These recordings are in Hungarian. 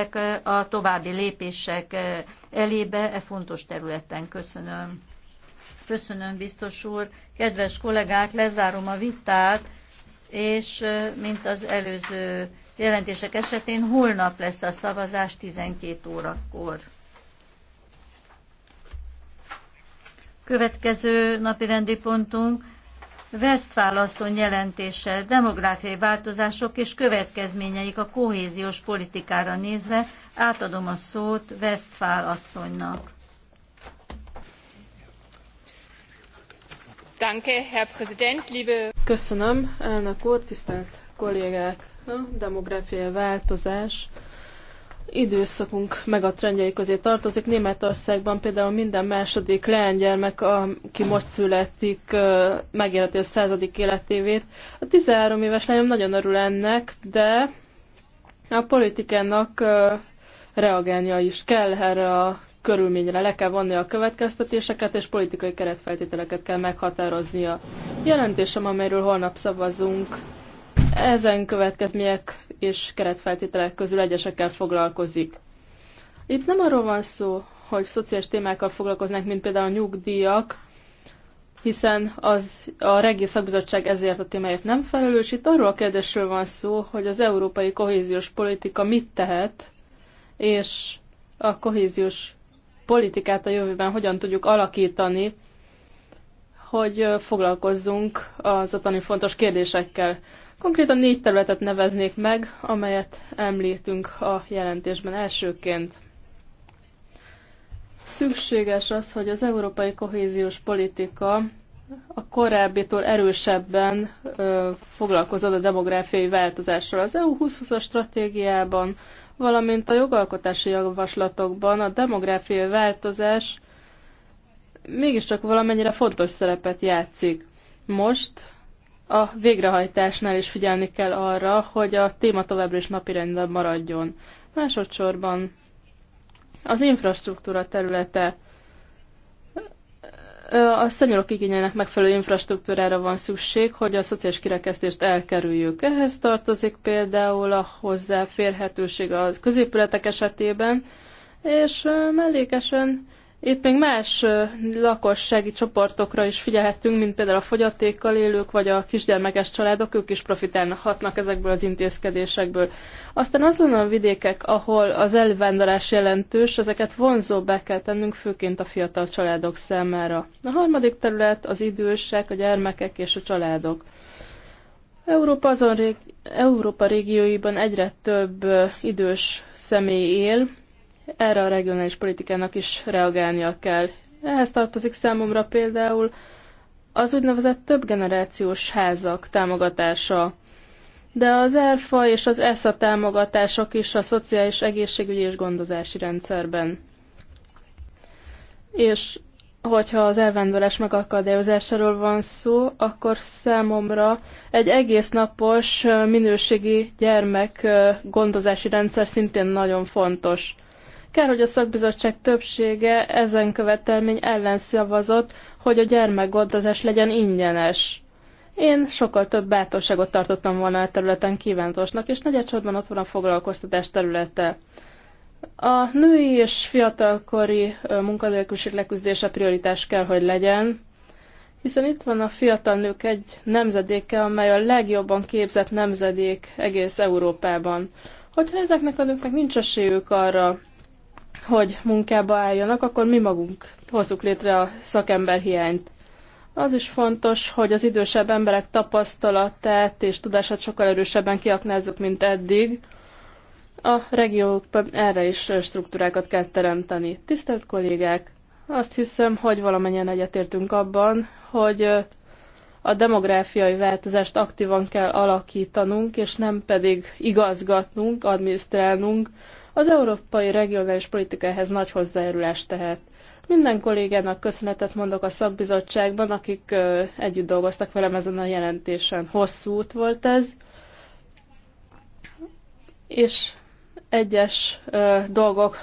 léptek a további lépések elébe e fontos területen. Köszönöm. Köszönöm, biztos úr. Kedves kollégák, lezárom a vitát, és mint az előző jelentések esetén, holnap lesz a szavazás 12 órakor. Következő napi rendi pontunk Westphal asszony jelentése demográfiai változások és következményeik a kohéziós politikára nézve. Átadom a szót Westphal asszonynak. Danke, Herr Präsident, liebe... Köszönöm, elnök úr, tisztelt kollégák! A demográfiai változás időszakunk meg a trendjei közé tartozik. Németországban például minden második leánygyermek, aki most születik, megélheti a századik életévét. A 13 éves lányom nagyon örül ennek, de a politikának reagálnia is kell erre a körülményre le kell vonni a következtetéseket, és politikai keretfeltételeket kell meghatároznia. Jelentésem, amelyről holnap szavazunk, ezen következmények és keretfeltételek közül egyesekkel foglalkozik. Itt nem arról van szó, hogy szociális témákkal foglalkoznak, mint például a nyugdíjak, hiszen az, a regi szakbizottság ezért a témáért nem felelős. Itt arról a kérdésről van szó, hogy az európai kohéziós politika mit tehet, és a kohéziós politikát a jövőben hogyan tudjuk alakítani, hogy foglalkozzunk az ottani fontos kérdésekkel. Konkrétan négy területet neveznék meg, amelyet említünk a jelentésben elsőként. Szükséges az, hogy az európai kohéziós politika a korábbitól erősebben ö, foglalkozott a demográfiai változással. Az EU 2020-as stratégiában, valamint a jogalkotási javaslatokban a demográfiai változás mégiscsak valamennyire fontos szerepet játszik. Most a végrehajtásnál is figyelni kell arra, hogy a téma továbbra is rendben maradjon. Másodszorban az infrastruktúra területe a szenyorok igényének megfelelő infrastruktúrára van szükség, hogy a szociális kirekesztést elkerüljük. Ehhez tartozik például a hozzáférhetőség az középületek esetében, és mellékesen itt még más lakossági csoportokra is figyelhetünk, mint például a fogyatékkal élők, vagy a kisgyermekes családok, ők is profitálhatnak ezekből az intézkedésekből. Aztán azon a vidékek, ahol az elvándorlás jelentős, ezeket be kell tennünk, főként a fiatal családok számára. A harmadik terület az idősek, a gyermekek és a családok. Európa, azon rég, Európa régióiban egyre több idős személy él, erre a regionális politikának is reagálnia kell. Ehhez tartozik számomra például az úgynevezett generációs házak támogatása, de az ERFA és az ESZA támogatások is a szociális egészségügyi és gondozási rendszerben. És hogyha az elvándorlás megakadályozásáról van szó, akkor számomra egy egész napos minőségi gyermek gondozási rendszer szintén nagyon fontos. Kár, hogy a szakbizottság többsége ezen követelmény ellen szavazott, hogy a gyermekgondozás legyen ingyenes. Én sokkal több bátorságot tartottam volna a területen kívántosnak, és negyedsorban ott van a foglalkoztatás területe. A női és fiatalkori munkanélküliség leküzdése prioritás kell, hogy legyen, hiszen itt van a fiatal nők egy nemzedéke, amely a legjobban képzett nemzedék egész Európában. Hogyha ezeknek a nőknek nincs esélyük arra, hogy munkába álljanak, akkor mi magunk hozzuk létre a hiányt. Az is fontos, hogy az idősebb emberek tapasztalatát és tudását sokkal erősebben kiaknázzuk, mint eddig. A regiókban erre is struktúrákat kell teremteni. Tisztelt kollégák, azt hiszem, hogy valamennyien egyetértünk abban, hogy a demográfiai változást aktívan kell alakítanunk, és nem pedig igazgatnunk, adminisztrálnunk, az európai regionális politikához nagy hozzájárulást tehet. Minden kollégának köszönetet mondok a szakbizottságban, akik együtt dolgoztak velem ezen a jelentésen. Hosszú út volt ez, és egyes dolgok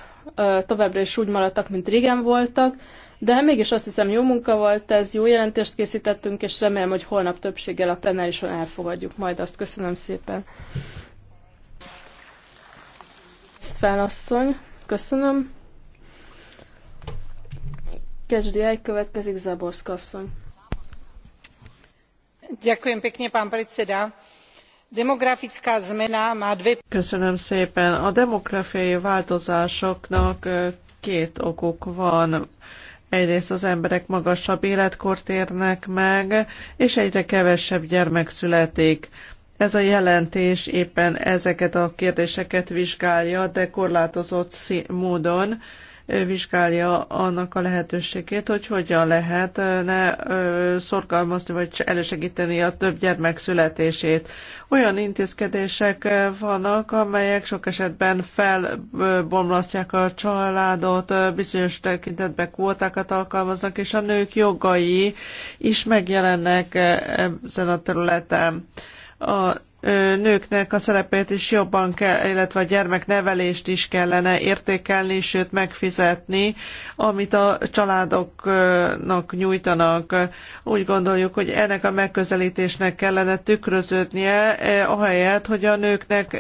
továbbra is úgy maradtak, mint régen voltak, de mégis azt hiszem jó munka volt ez, jó jelentést készítettünk, és remélem, hogy holnap többséggel a plenárison elfogadjuk majd azt. Köszönöm szépen. Westfál asszony. Köszönöm. Kezdi következik Zaborszka asszony. Ďakujem pekne, pán predseda. Demografická zmena má dve... Köszönöm szépen. A demográfiai változásoknak két okuk van. Egyrészt az emberek magasabb életkort érnek meg, és egyre kevesebb gyermek születik. Ez a jelentés éppen ezeket a kérdéseket vizsgálja, de korlátozott módon vizsgálja annak a lehetőségét, hogy hogyan lehetne szorgalmazni vagy elősegíteni a több gyermek születését. Olyan intézkedések vannak, amelyek sok esetben felbomlasztják a családot, bizonyos tekintetben kvótákat alkalmaznak, és a nők jogai is megjelennek ezen a területen a nőknek a szerepét is jobban kell, illetve a gyermeknevelést is kellene értékelni, sőt megfizetni, amit a családoknak nyújtanak. Úgy gondoljuk, hogy ennek a megközelítésnek kellene tükröződnie, ahelyett, hogy a nőknek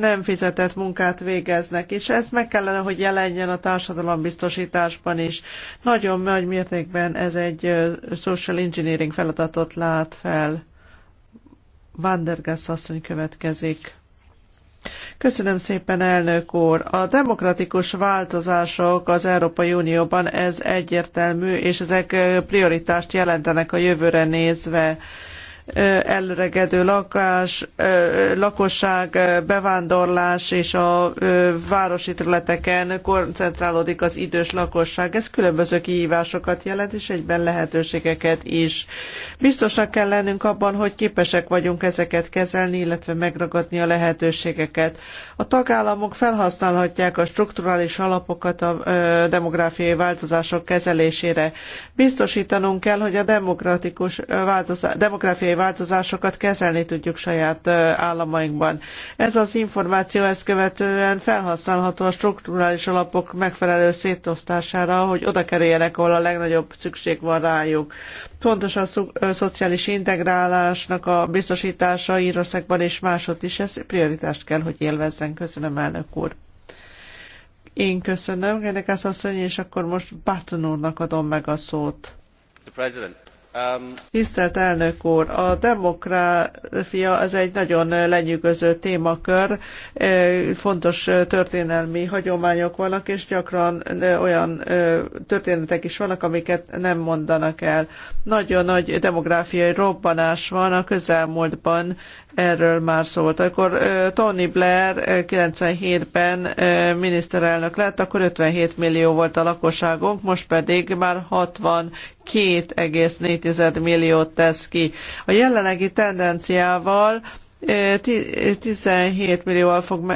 nem fizetett munkát végeznek, és ez meg kellene, hogy jelenjen a társadalombiztosításban is. Nagyon nagy mértékben ez egy social engineering feladatot lát fel. Vandergass asszony következik. Köszönöm szépen, elnök úr! A demokratikus változások az Európai Unióban ez egyértelmű, és ezek prioritást jelentenek a jövőre nézve elregedő lakás, lakosság, bevándorlás és a városi területeken koncentrálódik az idős lakosság. Ez különböző kihívásokat jelent, és egyben lehetőségeket is. Biztosnak kell lennünk abban, hogy képesek vagyunk ezeket kezelni, illetve megragadni a lehetőségeket. A tagállamok felhasználhatják a strukturális alapokat a demográfiai változások kezelésére. Biztosítanunk kell, hogy a demokratikus változás, demográfiai demográfiai változásokat kezelni tudjuk saját államainkban. Ez az információ ezt követően felhasználható a strukturális alapok megfelelő szétosztására, hogy oda kerüljenek, ahol a legnagyobb szükség van rájuk. Fontos a szociális integrálásnak a biztosítása Írországban és másod is, ez prioritást kell, hogy élvezzen. Köszönöm, elnök úr. Én köszönöm, Genekász asszony, és akkor most Button úrnak adom meg a szót. The President. Tisztelt elnök úr, a demokráfia az egy nagyon lenyűgöző témakör, fontos történelmi hagyományok vannak, és gyakran olyan történetek is vannak, amiket nem mondanak el. Nagyon nagy demográfiai robbanás van a közelmúltban, erről már szólt. Akkor Tony Blair 97-ben miniszterelnök lett, akkor 57 millió volt a lakosságunk, most pedig már 2,4 milliót tesz ki. A jelenlegi tendenciával 17 millióval fog,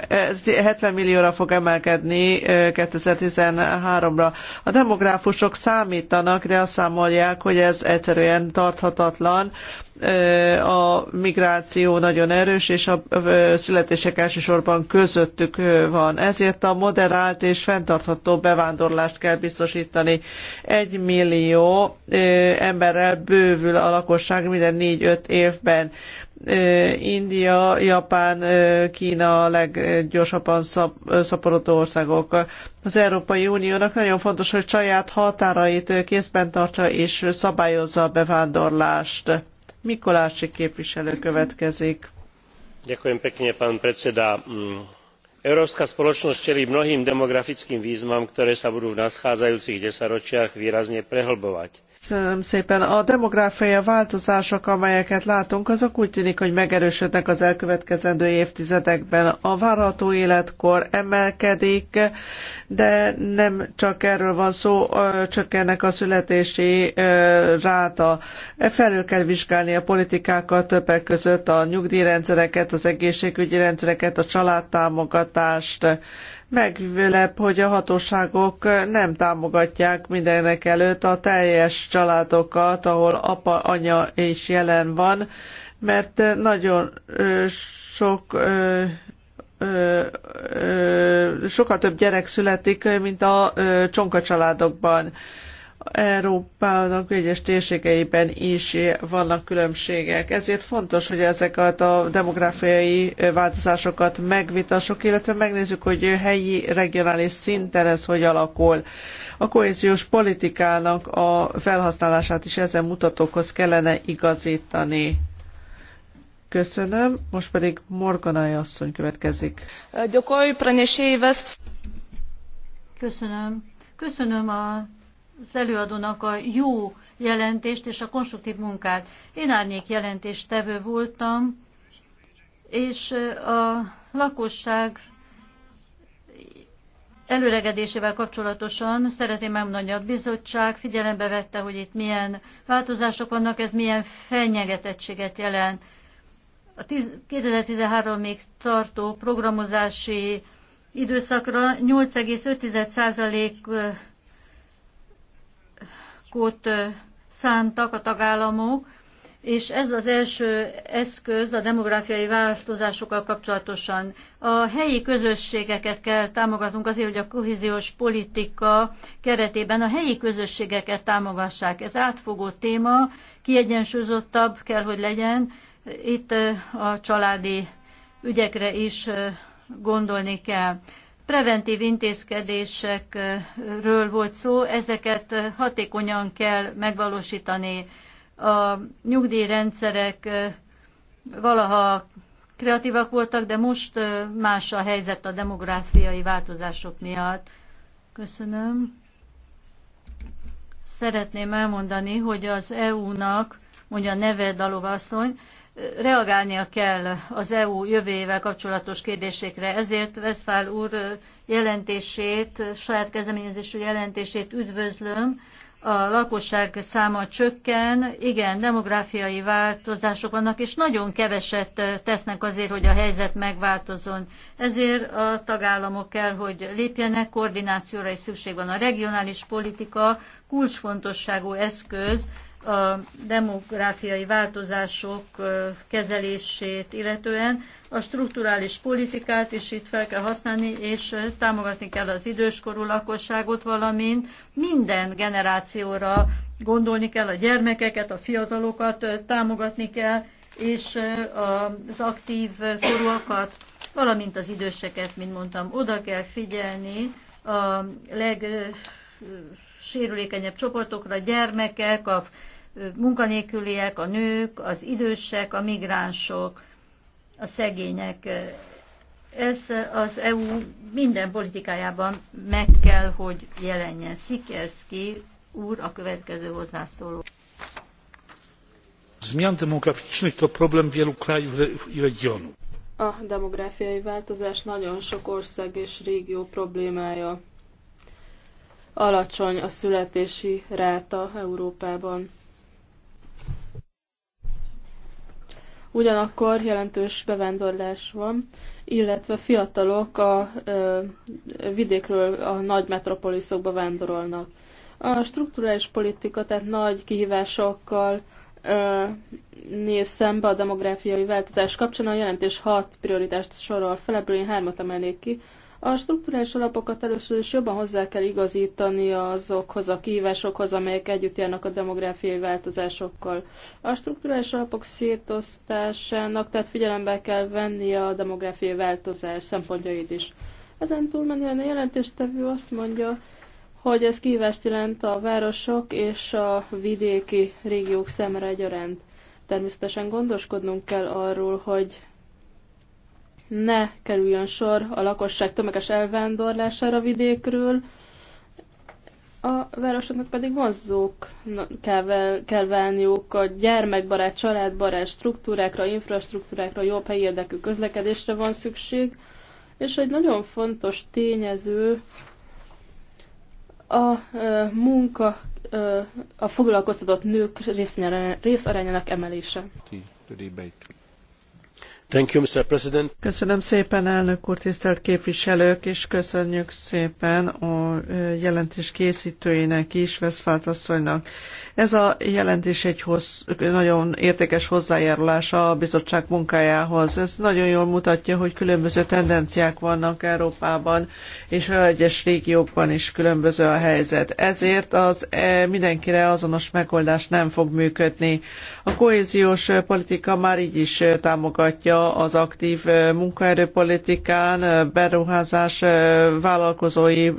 70 millióra fog emelkedni 2013-ra. A demográfusok számítanak, de azt számolják, hogy ez egyszerűen tarthatatlan a migráció nagyon erős, és a születések elsősorban közöttük van. Ezért a moderált és fenntartható bevándorlást kell biztosítani. Egy millió emberrel bővül a lakosság minden négy-öt évben. India, Japán, Kína a leggyorsabban szaporodó országok. Az Európai Uniónak nagyon fontos, hogy saját határait kézben tartsa és szabályozza a bevándorlást Mikolási képviselő következik. Mm, Európska spoločnosť čelí mnohým demografickým výzvam, ktoré sa budú v nadchádzajúcich desaťročiach výrazne prehlbovať Köszönöm szépen. A demográfiai változások, amelyeket látunk, azok úgy tűnik, hogy megerősödnek az elkövetkezendő évtizedekben. A várható életkor emelkedik, de nem csak erről van szó, csökkennek a születési ráta. Felül kell vizsgálni a politikákat többek között a nyugdíjrendszereket, az egészségügyi rendszereket, a családtámogatást, Megvilep, hogy a hatóságok nem támogatják mindenek előtt a teljes családokat, ahol apa, anya is jelen van, mert nagyon sok sokkal több gyerek születik, mint a csonka családokban. Európának egyes térségeiben is vannak különbségek. Ezért fontos, hogy ezeket a demográfiai változásokat megvitassuk, illetve megnézzük, hogy helyi, regionális szinten ez hogy alakul. A kohéziós politikának a felhasználását is ezen mutatókhoz kellene igazítani. Köszönöm, most pedig Morganai asszony következik. Köszönöm. Köszönöm a az előadónak a jó jelentést és a konstruktív munkát. Én árnyék jelentéstevő voltam, és a lakosság előregedésével kapcsolatosan szeretném megmondani, a bizottság figyelembe vette, hogy itt milyen változások vannak, ez milyen fenyegetettséget jelent. A 2013-ig tartó programozási időszakra 8,5% kót szántak a tagállamok, és ez az első eszköz a demográfiai változásokkal kapcsolatosan. A helyi közösségeket kell támogatnunk azért, hogy a kohéziós politika keretében a helyi közösségeket támogassák. Ez átfogó téma, kiegyensúlyozottabb kell, hogy legyen. Itt a családi ügyekre is gondolni kell preventív intézkedésekről volt szó, ezeket hatékonyan kell megvalósítani. A nyugdíjrendszerek valaha kreatívak voltak, de most más a helyzet a demográfiai változások miatt. Köszönöm. Szeretném elmondani, hogy az EU-nak, mondja a Neve Dalov asszony, reagálnia kell az EU jövőjével kapcsolatos kérdésekre. Ezért Westphal úr jelentését, saját kezdeményezésű jelentését üdvözlöm. A lakosság száma csökken, igen, demográfiai változások vannak, és nagyon keveset tesznek azért, hogy a helyzet megváltozon. Ezért a tagállamok kell, hogy lépjenek, koordinációra is szükség van. A regionális politika kulcsfontosságú eszköz, a demográfiai változások kezelését illetően, a strukturális politikát is itt fel kell használni, és támogatni kell az időskorú lakosságot, valamint minden generációra gondolni kell, a gyermekeket, a fiatalokat támogatni kell, és az aktív korúakat, valamint az időseket, mint mondtam, oda kell figyelni a leg sérülékenyebb csoportokra, gyermekek, a munkanélküliek, a nők, az idősek, a migránsok, a szegények. Ez az EU minden politikájában meg kell, hogy jelenjen. Szikerszki úr a következő hozzászóló. Zmian demograficznych a problém wielu A demográfiai változás nagyon sok ország és régió problémája alacsony a születési ráta Európában. Ugyanakkor jelentős bevándorlás van, illetve fiatalok a ö, vidékről a nagy metropoliszokba vándorolnak. A strukturális politika tehát nagy kihívásokkal ö, néz szembe a demográfiai változás kapcsán. A jelentés hat prioritást sorol fel, ebből én hármat emelnék ki. A strukturális alapokat először is jobban hozzá kell igazítani azokhoz a kihívásokhoz, amelyek együtt járnak a demográfiai változásokkal. A strukturális alapok szétosztásának tehát figyelembe kell venni a demográfiai változás szempontjait is. Ezen túlmenően a jelentéstevő azt mondja, hogy ez kihívást jelent a városok és a vidéki régiók számára egyaránt. Természetesen gondoskodnunk kell arról, hogy ne kerüljön sor a lakosság tömeges elvándorlására a vidékről, a városoknak pedig vonzók kell, kell válniuk a gyermekbarát, családbarát struktúrákra, infrastruktúrákra, jobb helyi érdekű közlekedésre van szükség, és egy nagyon fontos tényező a munka, a foglalkoztatott nők részarányának emelése. Köszönöm szépen, elnök úr, tisztelt képviselők, és köszönjük szépen a jelentés készítőinek is, Veszfált asszonynak. Ez a jelentés egy hossz, nagyon értékes hozzájárulás a bizottság munkájához. Ez nagyon jól mutatja, hogy különböző tendenciák vannak Európában, és egyes régiókban is különböző a helyzet. Ezért az e, mindenkire azonos megoldás nem fog működni. A kohéziós politika már így is támogatja az aktív munkaerőpolitikán, beruházás vállalkozói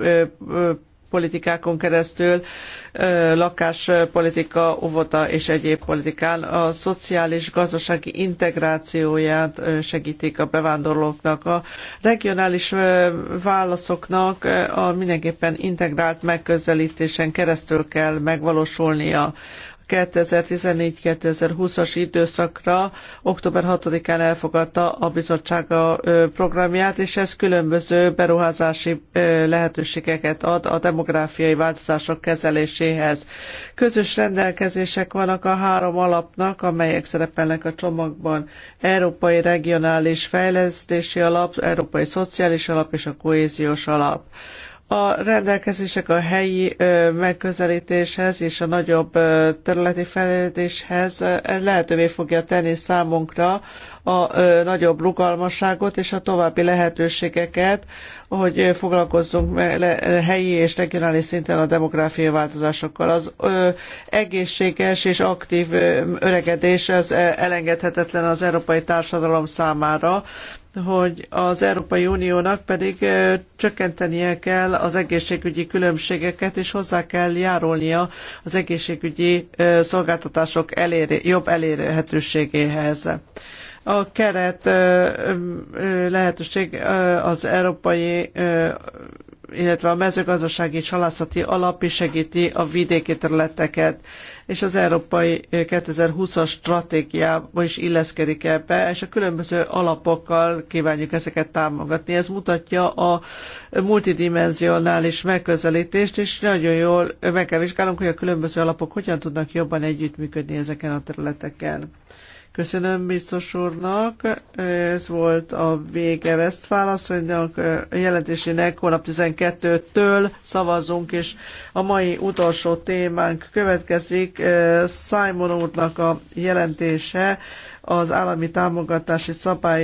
politikákon keresztül, lakáspolitika, óvoda és egyéb politikán a szociális gazdasági integrációját segítik a bevándorlóknak. A regionális válaszoknak a mindenképpen integrált megközelítésen keresztül kell megvalósulnia. 2014-2020-as időszakra október 6-án elfogadta a bizottság a programját, és ez különböző beruházási lehetőségeket ad a demográfiai változások kezeléséhez. Közös rendelkezések vannak a három alapnak, amelyek szerepelnek a csomagban. Európai Regionális Fejlesztési Alap, Európai Szociális Alap és a Kohéziós Alap. A rendelkezések a helyi megközelítéshez és a nagyobb területi fejlődéshez lehetővé fogja tenni számunkra a nagyobb rugalmasságot és a további lehetőségeket, hogy foglalkozzunk helyi és regionális szinten a demográfiai változásokkal. Az egészséges és aktív öregedés az elengedhetetlen az európai társadalom számára, hogy az Európai Uniónak pedig csökkentenie kell az egészségügyi különbségeket, és hozzá kell járulnia az egészségügyi szolgáltatások eléri, jobb elérhetőségéhez. A keret lehetőség az Európai illetve a mezőgazdasági halászati alap is segíti a vidéki területeket, és az Európai 2020-as stratégiába is illeszkedik ebbe, és a különböző alapokkal kívánjuk ezeket támogatni. Ez mutatja a multidimensionális megközelítést, és nagyon jól meg kell vizsgálnunk, hogy a különböző alapok hogyan tudnak jobban együttműködni ezeken a területeken. Köszönöm biztos úrnak. Ez volt a vége Westfál asszonynak jelentésének. Holnap 12-től szavazunk, és a mai utolsó témánk következik. Simon úrnak a jelentése az állami támogatási szabály